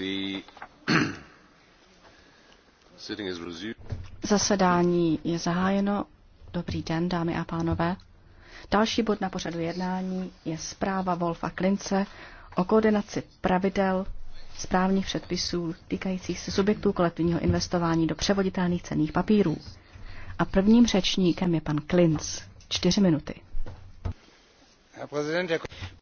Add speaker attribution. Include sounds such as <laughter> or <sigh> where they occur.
Speaker 1: <clears throat>
Speaker 2: Zasedání je zahájeno. Dobrý den, dámy a pánové. Další bod na pořadu jednání je zpráva Wolfa Klince o koordinaci pravidel správních předpisů týkajících se subjektů kolektivního investování do převoditelných cených papírů. A prvním řečníkem je pan Klinc. Čtyři minuty.